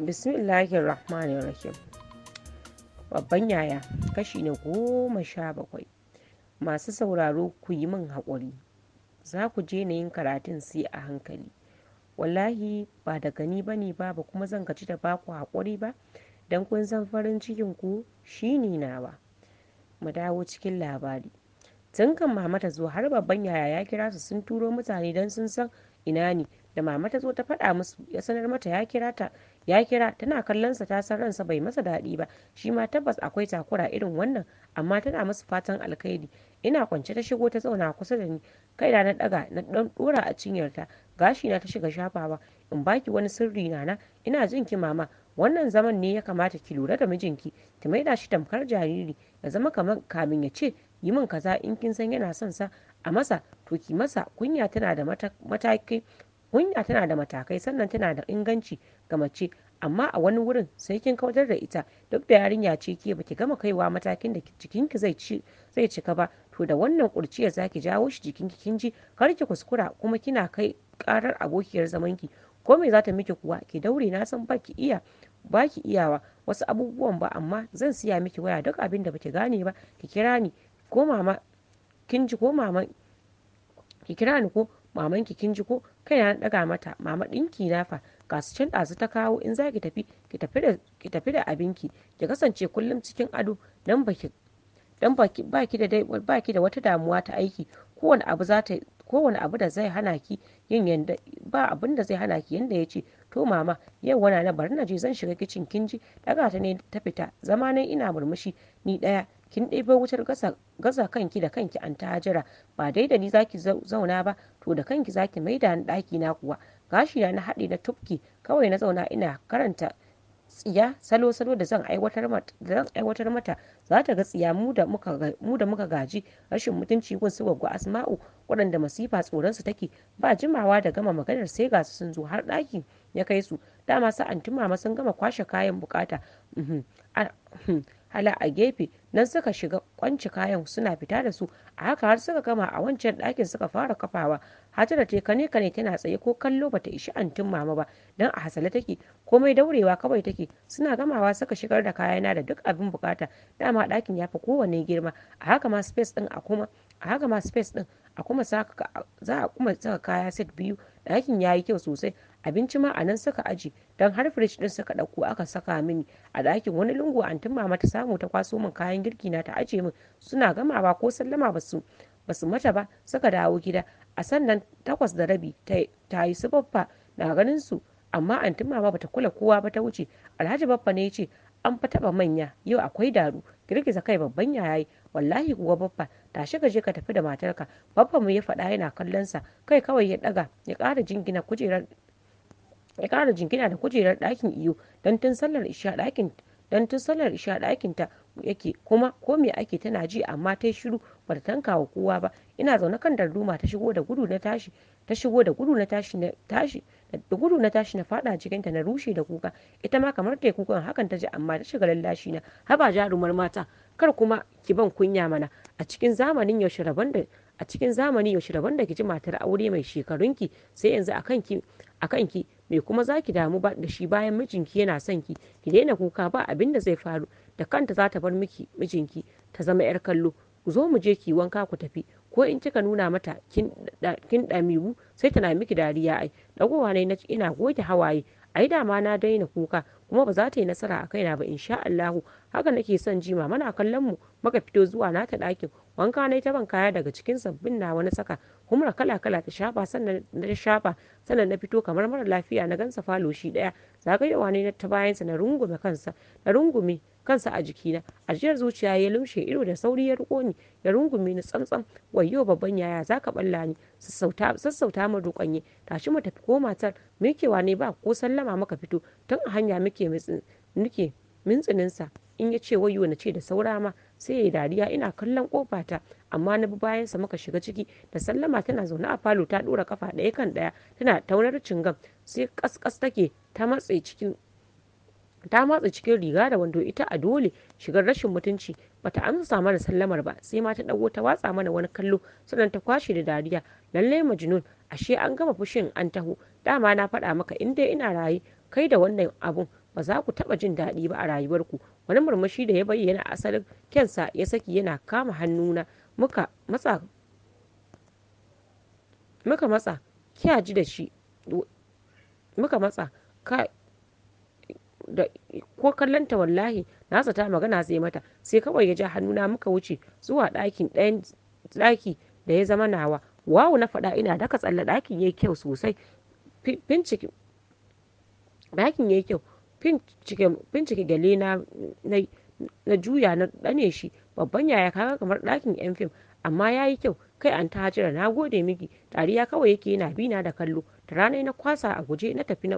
Bismillahirrahmanirrahim. Babban yaya kashi na goma sha bakwai. Masu sauraro ku yi min haƙuri. Za ku je na yin karatun sai a hankali. Wallahi ba da gani ba ne ba ba kuma zan gaji da ba ku haƙuri ba don kun san farin cikin ku shi ne nawa. Mu dawo cikin labari. Tun kan Mamata zo har babban yaya ya kira su sun turo mutane don sun san ina ne da Mamata zo ta faɗa musu ya sanar mata ya kira ta ya kira tana kallonsa ta san ransa bai masa daɗi ba shi ma tabbas akwai takura irin wannan amma tana musu fatan alkhairi ina kwance ta shigo ta zauna kusa da ni kai da na daga na dan dora a cinyarta gashi na ta shiga shafawa in baki wani sirri na na ina jin ki mama wannan zaman ne ya kamata ki lura da mijinki ki maida shi tamkar jariri ya zama kamar kamin ya ce yi min kaza in kin san yana son sa a masa to ki masa kunya tana da matakai Kunya tana da matakai sannan tana da inganci ga mace amma a wani wurin sai kin kautar da ita duk da yarinya ce ke baki gama kaiwa matakin da jikinki zai cika ba to da wannan kurciyar zaki jawo shi jikinki kin ji kar ki kuskura kuma kina kai karar abokiyar zamanki ko me ta miki kuwa ki daure na san baki iya baki iyawa wasu abubuwan ba amma zan siya miki waya duk abin da baki gane ba ki kira ni ko mama kin ji ko mama ki kira ni ko maman ki kin ji ko kai na ɗaga mata mama ɗinki na fa ga su can ɗazu ta kawo in za ki tafi ki tafi da abinki ki kasance kullum cikin ado dan baki dan baki baki da baki da wata damuwa ta aiki kowane abu za ta kowane abu da zai hana ki yin yanda ba abin da zai hana ki yanda ya ce to mama yau wana na bari na je zan shiga kicin kinji ɗaga daga ta ne ta fita zamanin ina murmushi ni ɗaya. kin ɗebo wutar gasa kanki da kanki an ta hajara ba dai da ni zaki zauna ba to da kanki zaki mai da ɗaki na kuwa gashi na haɗe na tufki kawai na zauna ina karanta tsiya salo-salo da zan aiwatar mata za ta ga tsiya mu da muka gaji rashin mutunci gun su gwaggo asma'u waɗanda masifa tsoronsu take ba jimawa da gama maganar sai ga sun zo har ɗaki ya kai su dama sa'an mama sun gama kwashe kayan bukata uhm, uhm, hala a gefe nan suka shiga kwanci kayan suna fita da su a haka har suka gama a wancan ɗakin suka fara kafawa hatara da kane kane tana tsaye ko kallo bata ishi antin mama ba dan a hasale take komai daurewa kawai take suna gamawa suka shigar da kayana da duk abin bukata dama ɗakin ya fi kowane girma a haka ma space din a kuma a haka ma space din a kuma za a kuma saka kaya set biyu ɗakin ya yi kyau sosai abinci ma a nan suka aji don har firij din suka ɗauko aka saka mini a ɗakin wani lungu antin mama ta samu ta kwaso min kayan girki na ta aje min suna gamawa ko sallama basu basu mata ba suka dawo gida a sannan takwas da rabi ta yi su baffa na ganin su amma antin mama bata kula kowa ba ta wuce alhaji baffa ne ya ce an fa taba manya yau akwai daru girgiza kai babban yayayi wallahi kuwa baffa tashi ka je ka tafi da matarka baffa mu ya faɗa yana kallon sa kai kawai ya daga ya ƙara jingina kujerar ya kara jingina da kujerar ɗakin iyo don tun sallar isha ɗakin don tun sallar isha ɗakin ta yake kuma ko me ake tana ji amma ta yi shiru bata tanka wa kowa ba ina zaune kan darduma ta shigo da gudu na tashi ta shigo da gudu na tashi na tashi da gudu na tashi na fada cikinta na rushe da kuka ita ma kamar ta kukan hakan ta ji amma ta shiga lallashi na haba jarumar mata kar kuma ki ban kunya mana a cikin zamanin yaushe rabon da a cikin zamani yaushe rabon da ki ji matar aure mai shekarunki sai yanzu akan ki akan ki me kuma za ki damu da shi bayan mijinki yana son ki ki daina kuka ba abin da zai faru da kanta za ta bar miki mijinki ta zama yar kallo ku zo mu je ki wanka ku tafi ko in kika nuna mata kin ɗamiwu sai tana miki dariya ai dagowa ne na ina goge hawaye ai dama na daina kuka kuma ba za ta yi nasara a kaina ba insha Allahu haka nake son ji mama na kallon mu muka fito zuwa nata ɗakin wanka na ta ban kaya daga cikin sabbin nawa na saka humra kala kala ta shafa sannan na shafa sannan na fito kamar mara lafiya na gansa falo shi daya zagayowa ne ta bayansa na rungume kansa na rungume kansa a jikina ajiyar zuciya ya lumshe ido da sauri ya riko ni ya rungume ni tsantsan wayo babban yaya zaka balla ni sassauta ma rukanye tashi mu tafi ko matar mikewa ne ba ko sallama maka fito tun a hanya muke mintsinin mintsininsa in ya ce wayo na ce da saurama. sai ya dariya ina kallon kofa ta amma na bi bayansa muka shiga ciki da sallama tana zaune a falo ta dora kafa ɗaya kan ɗaya tana taunar cingam sai kaskas take ta matse cikin ta matsa cikin riga da wando ita a dole shigar rashin mutunci bata amsa mana sallamar ba sai ma ta dago ta watsa mana wani kallo sannan ta kwashe da dariya lalle majnun ashe an gama fushin an taho dama na faɗa maka inda ina raye kai da wannan abun ba za ku taɓa jin daɗi ba a rayuwarku wani murmushi da ya bayyana asalin kyansa ya saki yana kama hannuna muka matsa muka matsa kya ji da shi muka matsa ka da ko kallanta wallahi na ta magana zai mata sai kawai ya ja hannuna muka wuce zuwa ɗakin ɗayan ɗaki da ya zama nawa wawu na faɗa ina daka tsalle ɗakin yayi kyau sosai bincike ɗakin yayi kyau bincike gale na juya na dane shi babban yaya kaga kamar ɗakin 'yan fim amma ya yi kyau kai an Hajara na gode miki ya kawai yake yana bina da kallo ta rana na kwasa a guje na tafi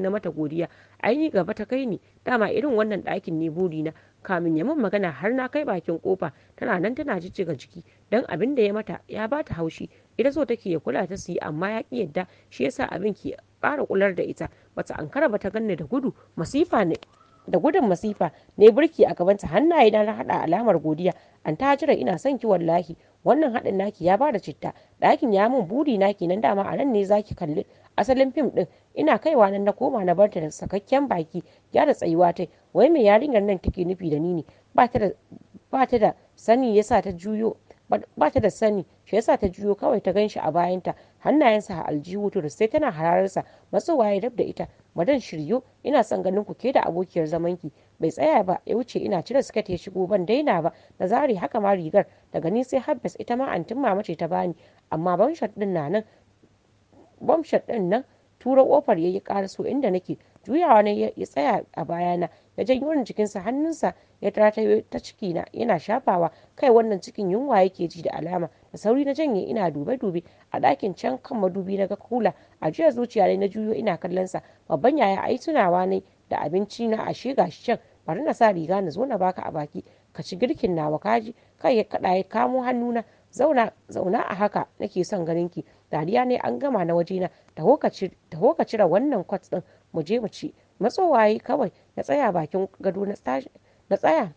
na mata godiya aini gaba ta kai ni dama irin wannan ɗakin ne burina kamin ya min magana har na kai bakin kofa tana nan tana jijjiga jiki dan abin da ya mata ya bata haushi ita so take ya kula ta su amma ya ki yadda shi yasa abin ke ƙara kular da ita bata ankara ba ta ganni da gudu masifa ne da gudun masifa ne burki a gabanta hannaye na hada alamar godiya an ta jira ina son ki wallahi wannan hadin naki ya bada citta dakin ya mun buri naki nan dama a nan ne zaki kalli asalin fim ɗin ina kaiwa nan na koma na barta da sakakken baki ya da tsayuwa tai wai mai yarinyar nan take nufi da ni ne ba ta da sani yasa ta juyo ba ta da sani shi yasa ta juyo kawai ta ganshi a bayanta hannayensa a aljihu da sai tana hararsa matsowa ya rab da ita madan shiryo ina son ganin ku ke da abokiyar zamanki bai tsaya ba ya wuce ina cire siket ya shigo ban daina ba na zare haka ma rigar daga ni sai habbas ita ma antin mama ce ta bani amma bamshar din na nan bamshar din nan tura kofar yayi karaso inda nake juyawa ne ya tsaya a bayana ya janyo ni jikinsa hannunsa ya tara ta ciki na yana shafawa kai wannan cikin yunwa yake ji da alama da sauri na janye ina dube-dube a ɗakin can kan madubi na ga kula a jiya zuciya ne na juyo ina kallon sa babban yaya ai tunawa ne da abinci na ashe gashi can bari na sa riga na zo na baka a baki ka ci girkin nawa kaji kai ya kaɗa ya kamo hannuna zauna zauna a haka nake son ganin ki dariya ne an gama na wajena taho ka cire wannan kwat din mu je mu ci matsowa yi kawai na tsaya bakin gado na tsaya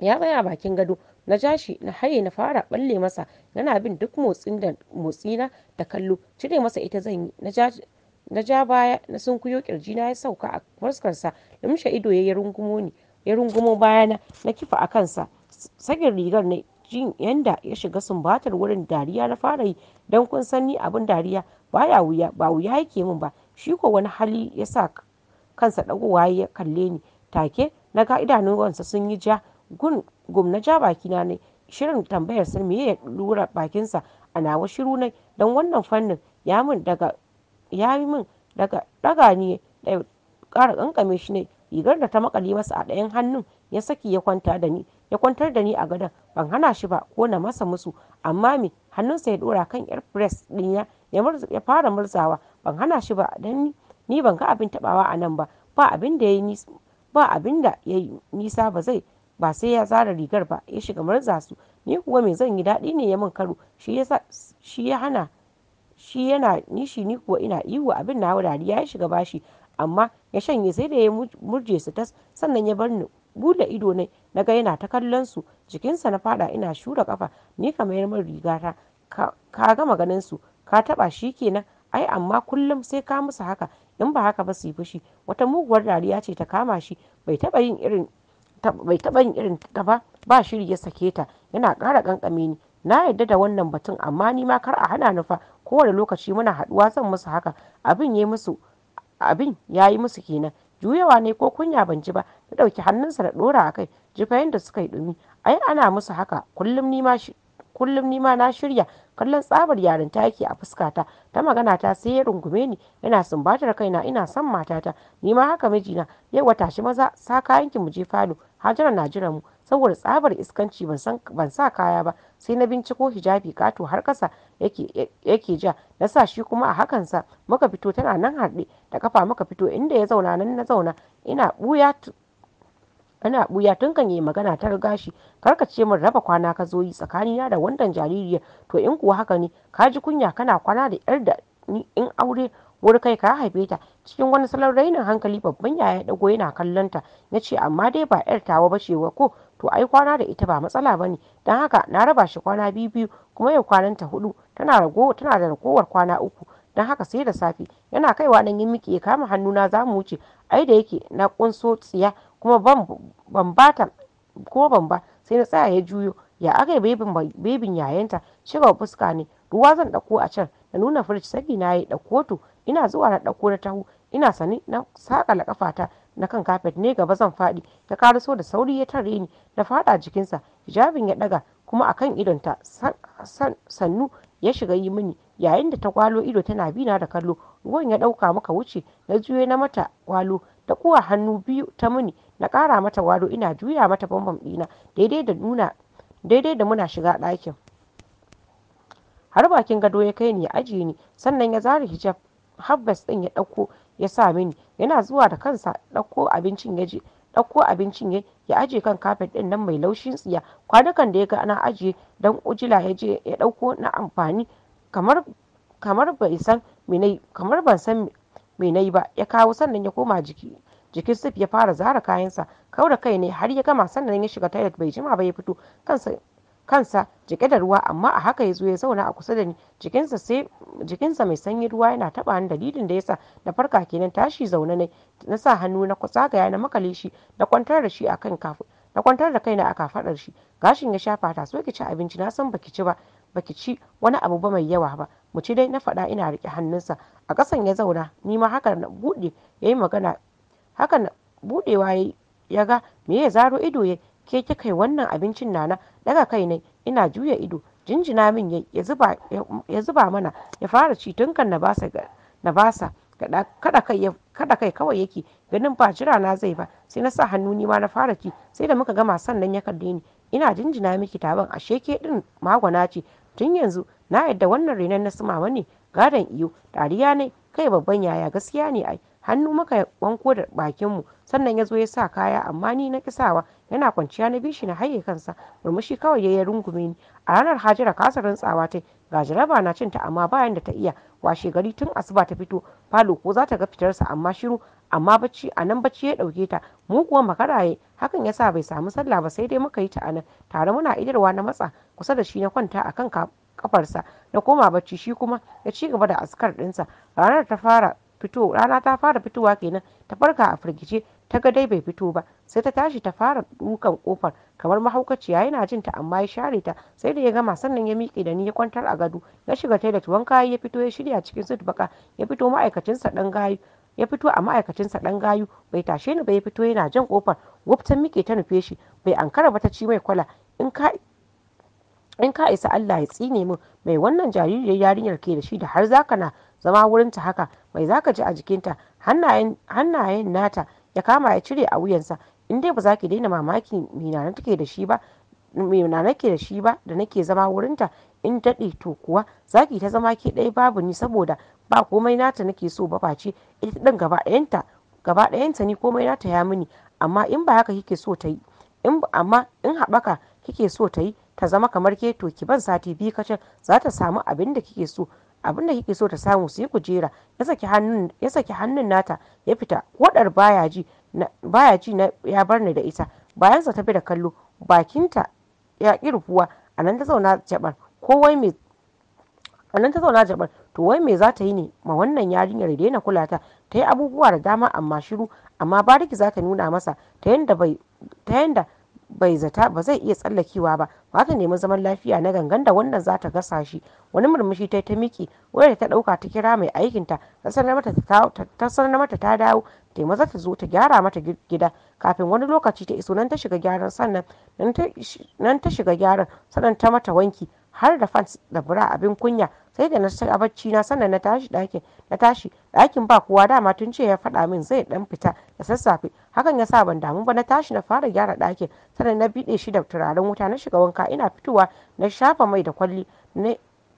ya tsaya bakin gado na jashi na haye na fara balle masa yana bin duk motsin da motsina da kallo cire masa ita zan yi na ja baya na sunkuyo kirji na ya sauka a fuskarsa lumshe ido ya rungumo ni ya rungumo bayana na kifa a kansa sagin rigar ne jin yanda ya shiga sumbatar wurin dariya na fara yi don kun san ni abin dariya baya wuya ba wuya yake min ba shi ko wani hali ya sa kansa dagowa ya kalle ni take na ga wansa sun yi ja gun gum na ja bakina ne shirin tambayar sa me ya lura bakinsa a nawa shiru ne don wannan fannin ya min daga ya yi min daga daga ni da ƙara kankame shi ne rigar da ta makale masa a ɗayan hannun ya saki ya kwanta da ni ya kwantar da ni a gadon ban hana shi ba ko na masa musu amma me hannunsa ya dora kan yar press din ya ya fara murzawa ban hana shi ba dan ni ban ga abin tabawa a nan ba ba abin da yayi ba abin da yayi nisa ba zai ba sai ya zara rigar ba ya shiga murza su ni kuwa me zan yi daɗi ne ya min karo shi ya shi ya hana shi yana nishi ni kuwa ina ihu abin na dariya ya shiga bashi amma ya shanye sai da ya murje su tas sannan ya barni. buɗe ido ne na ga yana ta kallon su jikinsa na fada ina shura kafa ni ka mayar riga ta ka gama ganin su ka taɓa shi kenan ai amma kullum sai ka musu haka in ba haka ba su yi fushi wata muguwar dariya ce ta kama shi bai taɓa yin irin bai taba yin irin ta ba ba shiri ya sake ta yana ƙara kankame ni na yadda da wannan batun amma ni ma kar a hana ni fa kowane lokaci muna haɗuwa zan musu haka abin ya musu abin ya yi musu kenan juyawa ne ko kunya ban ji ba ta ɗauki hannunsa da ɗora a kai jifayen da suka yi ɗumi ai ana musu haka kullum ni ma nima na shirya kallon tsabar yarinta yake a fuskata ta magana ta sai ya rungume ni yana sumbatar kaina ina son matata ni ma haka mijina yau wa tashi maza sa kayan ki mu je falo hajara na jira mu saboda tsabar iskanci ban sa kaya ba sai na binciko hijabi kato har kasa yake ja na sa shi kuma a hakansa sa muka fito tana nan harɗe da kafa muka fito inda ya zauna nan na zauna ina buya ana buya tun kan yi magana ta riga shi ce min raba kwana ka zo yi tsakani na da wandan jaririya to in kuwa haka ne ka ji kunya kana kwana da yar da ni in aure wuri kai ka haife ta cikin wani salon rainin hankali babban yaya dago yana kallon ta ya ce amma dai ba yar tawa ba ce ko to ai kwana da ita ba matsala bane don haka na raba shi kwana biyu biyu kuma yau kwananta hudu tana rago tana da ragowar kwana uku don haka sai da safe yana kaiwa nan yin miki ya kama hannuna za mu wuce ai da yake na kunso tsiya kuma ban bata ko ban ba sai na tsaya ya juyo ya aka bebin yayanta shiga fuska ne ruwa zan ɗauko a can na nuna firij sabi na yi ɗauko to ina zuwa na ɗauko na taho ina sani na sakala kafata na kan kafet ne gaba zan faɗi ya karaso da sauri ya tare ni na faɗa jikinsa hijabin ya ɗaga kuma akan ta sannu ya shiga yi mini yayin da ta kwalo ido tana bina da kallo ruwan ya ɗauka maka wuce na juye na mata kwalo ta kuwa hannu biyu ta muni na ƙara mata kwalo ina juya mata bambam ɗina daidai da nuna daidai da muna shiga ɗakin har bakin gado ya kai ni ya ajiye ni sannan ya zare hijab Habbas din ya dauko ya sa mini yana zuwa da kansa dauko abincin ya je abincin ya ya aje kan kafet din nan mai laushin tsiya kwanukan da ya ga ana ajiye dan ujila ya je ya dauko na amfani kamar kamar bai san me kamar ban san me nayi ba ya kawo sannan ya koma jiki jikin sif ya fara zara kayansa da kai ne har ya gama sannan ya shiga toilet bai jima ba ya fito kansa kansa jike da ruwa amma a haka ya zo ya zauna a kusa da ni jikinsa sai jikinsa mai sanyi ruwa yana taba ni dalilin da yasa na farka kenan tashi zaune ne na sa hannu na zagaya na makale shi na kwantar da shi akan kafu na kwantar da kaina a kafadar shi gashin ya shafa ta so ki ci abinci na san baki ci ba baki ci wani abu ba mai yawa ba mu ci dai na faɗa ina riƙe hannunsa a kasan ya zauna ni ma haka na buɗe yayi magana haka na buɗewa ya ga me ya zaro ido ya Ke kika yi wannan abincin Nana?" daga kai ne ina juya ido, jinjina min ya zuba ya zuba mana, ya fara ci tun kan na basa. kada kai kawai yake, ganin ba jira na zai ba, sai na sa hannu nima na fara ci, sai da muka gama sannan ya kalle ni. "Ina jinjina miki Taban, a sheke ɗin magwana ce. Tun yanzu na yadda wannan renon na suma wani gadon iyo." Dariya ne "Kai babban yaya gaskiya ne ai." Hannu muka wanko da bakinmu, sannan ya zo ya sa kaya amma ni na kisawa. yana kwanciya na bishi na haye kansa murmushi kawai ya rungume ni a ranar hajira kasa rantsawa ta ga jaraba na cinta amma bayan da ta iya washe gari tun asuba ta fito falo ko za ta ga fitarsa amma shiru amma bacci a nan bacci ya ɗauke ta mu kuwa makaraye hakan ya sa bai samu sallah ba sai dai muka yi ta anan tare muna idarwa na matsa kusa da shi na kwanta kan kafarsa na koma bacci shi kuma ya ci gaba da askar ɗinsa ranar ta fara fito rana ta fara fitowa kenan ta farka a firgice ta ga dai bai fito ba sai ta tashi ta fara dukan kofar kamar mahaukaciya yana jin ta amma ya share ta sai da ya gama sannan ya miƙe da ni ya kwantar a gado ya shiga toilet wanka ya fito ya shirya cikin sut baka ya fito sa dan gayu ya fito a ma'aikacinsa dan gayu bai tashe ni ba ya fito yana jan kofar gwabtan miƙe ta nufe shi bai ankara ba ta ci mai kwala in ka in ka isa Allah ya tsine min mai wannan jaririyar yarinyar ke da shi da har zaka na zama wurinta haka mai zaka ji a jikinta hannayen nata ya kama ya cire a wuyansa in dai ba za ki daina mamaki me na ke da shi ba nake da nake zama wurinta in daɗe to kuwa za zaki ta zama ke ɗaya babu ni saboda ba komai nata nake so ba face ita ɗin gaba ɗayanta ni komai nata ya mini amma in ba haka kike so ta yi amma in haɓaka kike so ta yi ta zama kamar ke to ki ban sati biyu kacal za ta samu abin da kike so abin da kike so ta samu su yi kujera ya saki hannun nata ya fita wadar baya ji na ya bar ni da ita bayansa tafi da kallo bakinta ya ƙi rufuwa anan ta zauna jabar a ta zauna jabar to wai mai za ta yi ne ma wannan yarinyar daina kula ta ta yi abubuwa da dama amma shiru amma bariki za ta nuna masa ta yanda bai zata ba zai iya tsallakewa ba ba ta nemi zaman lafiya na gangan da wannan za ta gasa shi wani murmushi ta ta miki wayar ta dauka ta kira mai aikinta ta sanar mata ta dawo ta maza ta zo ta gyara mata gida kafin wani lokaci ta iso nan ta shiga gyaran sannan nan ta shiga gyaran sannan ta mata wanki har da fans da bura abin kunya sai da na ci a bacci na sannan na tashi ɗakin na tashi ɗakin ba kowa dama tun ce ya faɗa min zai dan fita da sassafe hakan ya sa ban damu ba na tashi na fara gyara ɗakin sannan na biɗe shi da turaren wuta na shiga wanka ina fitowa na shafa mai da kwalli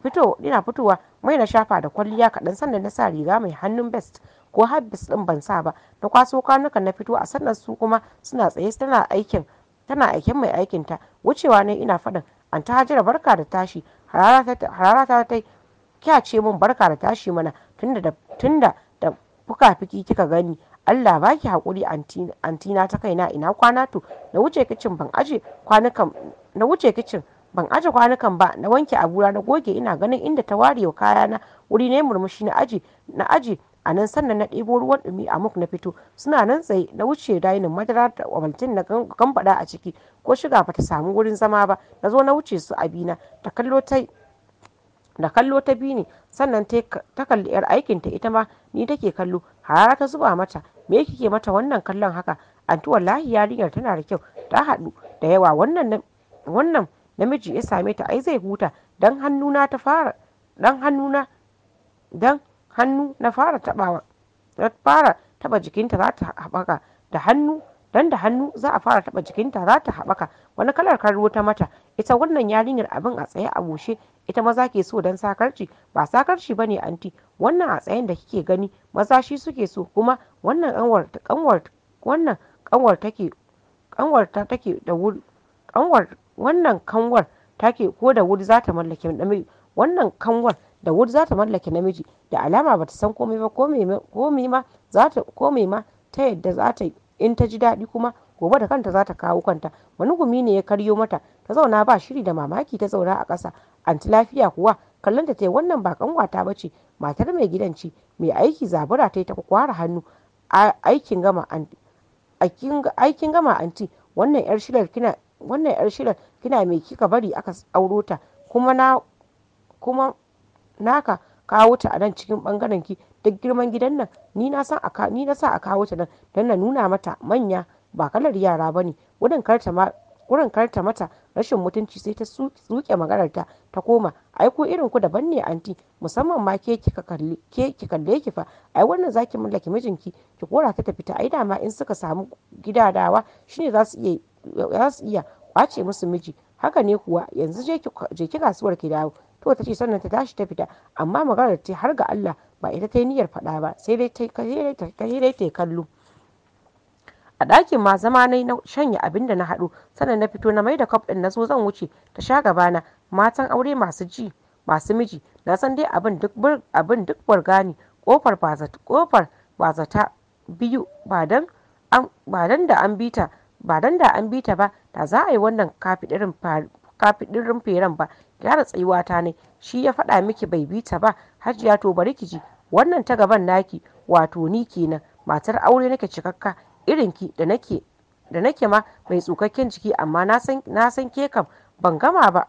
fito ina fitowa mai na shafa da kwalliya kaɗan sannan na sa riga mai hannun best ko habis ɗin ban sa ba na kwaso kwanukan na fito a sannan su kuma suna tsaye tana aikin tana aikin mai aikinta wucewa ne ina faɗin an ta hajira barka da tashi harara ta ta kya ce min barka da tashi mana tunda da tunda da fuka-fiki kika gani Allah baki hakuri antina ta kaina ina kwana to na wuce kicin ban aje kwanukan na wuce kicin ban aje kwanukan ba na wanke abura na goge ina ganin inda ta ware wa kayana wuri ne murmushi na aje na aje a nan sannan na ɗebo ruwan ɗumi a muk na fito suna nan tsaye na wuce dainin madara da omaltin na gambada a ciki ko shiga ba ta samu wurin zama ba na zo na wuce su abina ta kallo ta da kallo ta bi ni sannan ta kalli yar aikinta ita ma ni take kallo harara ta zuba mata me kike mata wannan kallon haka anti wallahi yarinyar tana da kyau ta haɗu da yawa wannan namiji ya same ta ai zai huta dan na ta fara dan na dan hannu na fara tabawa ta fara taba jikinta za ta haɓaka da hannu dan da hannu za a fara taba jikinta za ta haɓaka wani kalar kan ta mata ita wannan yarinyar abin a tsaye a bushe ita maza ke so don sakarci ba sakarci ba ne anti wannan a tsayen da kike gani maza shi suke so kuma wannan kanwar wannan kanwar take kanwar ta take da wuri kanwar wannan kanwar take ko da wuri za ta mallake namiji wannan kanwar da wuri za ta mallake namiji da alama ba ta san komai ba komai ma za ta komai ma ta yadda za ta in ta ji daɗi kuma gobe da kanta za ta kawo kanta wani ne ya karyo mata ta zauna ba shiri da mamaki ta zauna a ƙasa anti lafiya kuwa kallon ta wannan ba kanwata ba ce matar mai gidan ci mai aiki zabura ta yi ta kwara hannu aikin gama aikin gama anti wannan yar shirar kina wannan yar shirar kina mai kika bari aka auro ta kuma na kuma naka kawo ta a nan cikin bangaren ki duk girman gidan nan ni na sa a kawo ta nan dan na nuna mata manya ba kalar yara ba ne wurin karta mata rashin mutunci sai ta tsuke magararta ta koma ai ko irin ku daban ne anti musamman ma ke kalle ki kalle ki fa ai wannan zaki mallaki mijinki ki kora ta tafi ta ai dama in suka samu gidadawa shine za su iya za su iya kwace musu miji haka ne kuwa yanzu je ki kasuwar ki dawo to ta ce sannan ta tashi ta fita amma maganar ta har ga Allah ba ita ta yi niyyar faɗa ba sai dai ta kallo a ɗakin ma zama na shanye shanya abin da na haɗu sannan na fito na mai da kwaf ɗin na zo zan wuce ta sha gaba na matan aure masu ji masu miji na san dai abin duk abin duk burgani kofar kofar bazata biyu ba dan ba dan da an bita ba dan da an ta ba da za a yi wannan kafidirin kafidirin feren ba gyara tsayuwa ta ne shi ya faɗa miki bai bi ta ba hajiya to bari ki ji wannan ta gaban naki wato ni kenan matar aure nake cikakka irinki da nake da nake ma mai tsukakken jiki amma na san ke kam ban gama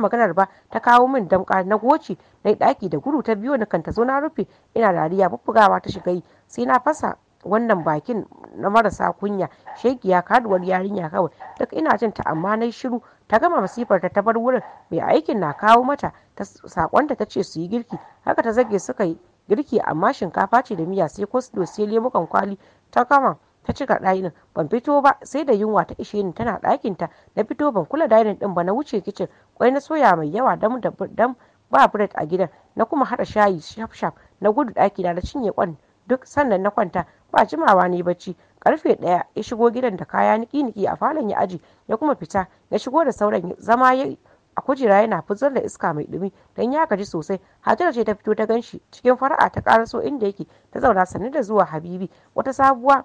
maganar ba ta kawo min damka na goci na daki da gudu ta biyo na kanta zo na rufe ina dariya bubbugawa ta shiga yi sai na fasa wannan bakin na marasa kunya shegiya kaduwar yarinya kawai duk ina jin ta amma na shiru ta gama masifar ta bar wurin mai aikin na kawo mata ta sakonta ta ce su yi girki haka ta zage suka yi girki amma shinkafa ce da miya sai ko su dosiye lemukan kwali ta kama ta cika ɗakin ban fito ba sai da yunwa ta ishe ni tana ta na fito ban kula dainin din ba na wuce kicin kwai na soya mai yawa dam dam ba bread a gidan na kuma haɗa shayi shaf shaf na gudu daki na cinye kwan duk sannan na kwanta ba jimawa ne bacci karfe ɗaya ya shigo gidan da kaya niki niki a falon ya aji ya kuma fita ya shigo da sauran zama ya a kujera yana fitar da iska mai dumi dan ya gaji sosai hajara ce ta fito ta ganshi cikin fara'a ta karaso inda yake ta zauna sannu da zuwa habibi wata sabuwa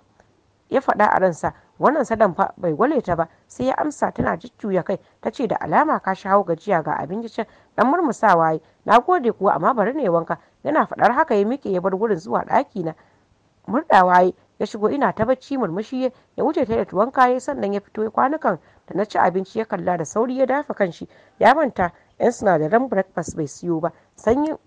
ya faɗa a ransa wannan sadan fa bai gwale ta ba sai ya amsa tana jujjuya kai ta ce da alama ka shawo gajiya ga abin gicin. dan murmusawa yi na gode kuwa amma bari ne wanka yana faɗar haka ya mike ya bar gurin zuwa ɗaki na murɗawa yi ya shigo ina ta bacci murmushi ya wuce ta da tuwon kaye sannan ya fito kwanukan da na ci abinci ya kalla da sauri ya dafa kanshi ya manta yan sinadaran breakfast bai siyo ba sanyin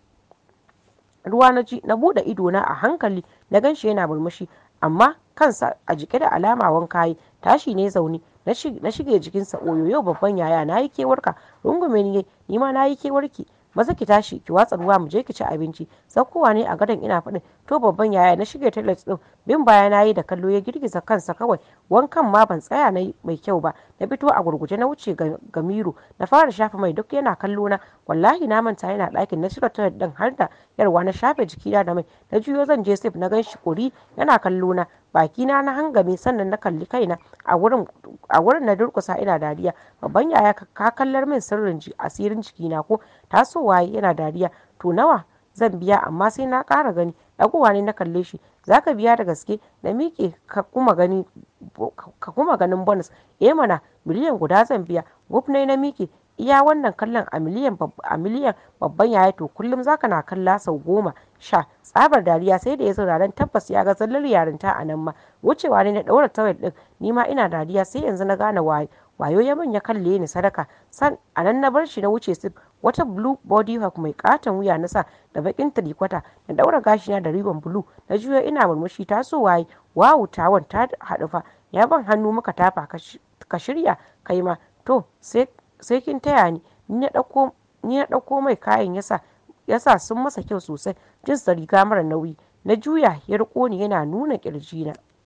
ruwa na ji na buɗe idona a hankali na ganshi yana murmushi amma kansa a jike da alama wanka yi tashi ne zaune na shige jikinsa oyoyo babban yaya na yi kewarka rungume ni ni ma na yi kewarki maza ki tashi ki watsa ruwa mu je ki ci abinci saukowa ne a gadon ina faɗin to babban yaya na shige toilet din bin baya na yi da kallo ya girgiza kansa kawai wankan ma ban tsaya na mai kyau ba na fito a gurguje na wuce ga miro na fara shafa mai duk yana kallo na wallahi na manta yana ɗakin na shiga toilet din har da yarwa na shafe jikina da mai na juyo zan je sif na gan shi kuri yana kallo na bakina na hangame sannan na kalli kaina a wurin na durkusa ina dariya babban yaya ka kallar min sirrin asirin jikina ko tasowa yana dariya to nawa zan biya amma sai na kara gani ɗaguwa ne na kalle shi zaka biya da gaske na miƙe ka kuma ganin bonus eh mana miliyan guda zan biya guf na miƙe iya wannan kallon a miliyan babban yaya to kullum zaka na kalla sau goma sha tsabar dariya sai da ya zo ranar tabbas ya ga zallar yarinta a nan ma wucewa ne na ɗaura tawayar ɗin ni ma ina dariya sai yanzu na gane wayo ya manya kalle ni sadaka san a nan na bar shi na wuce su wata blue body hawk mai katon wuya na sa da bakin tirikwata na daura gashina da riban blue na juyo ina murmushi taso waye wawu tawon ta haɗu fa ya ban hannu muka tafa ka shirya kai ma to sai sai kin taya ni ni na ɗauko mai kayan yasa sun masa kyau sosai jinsa riga mara nauyi na juya ya riko ni yana nuna ƙirjina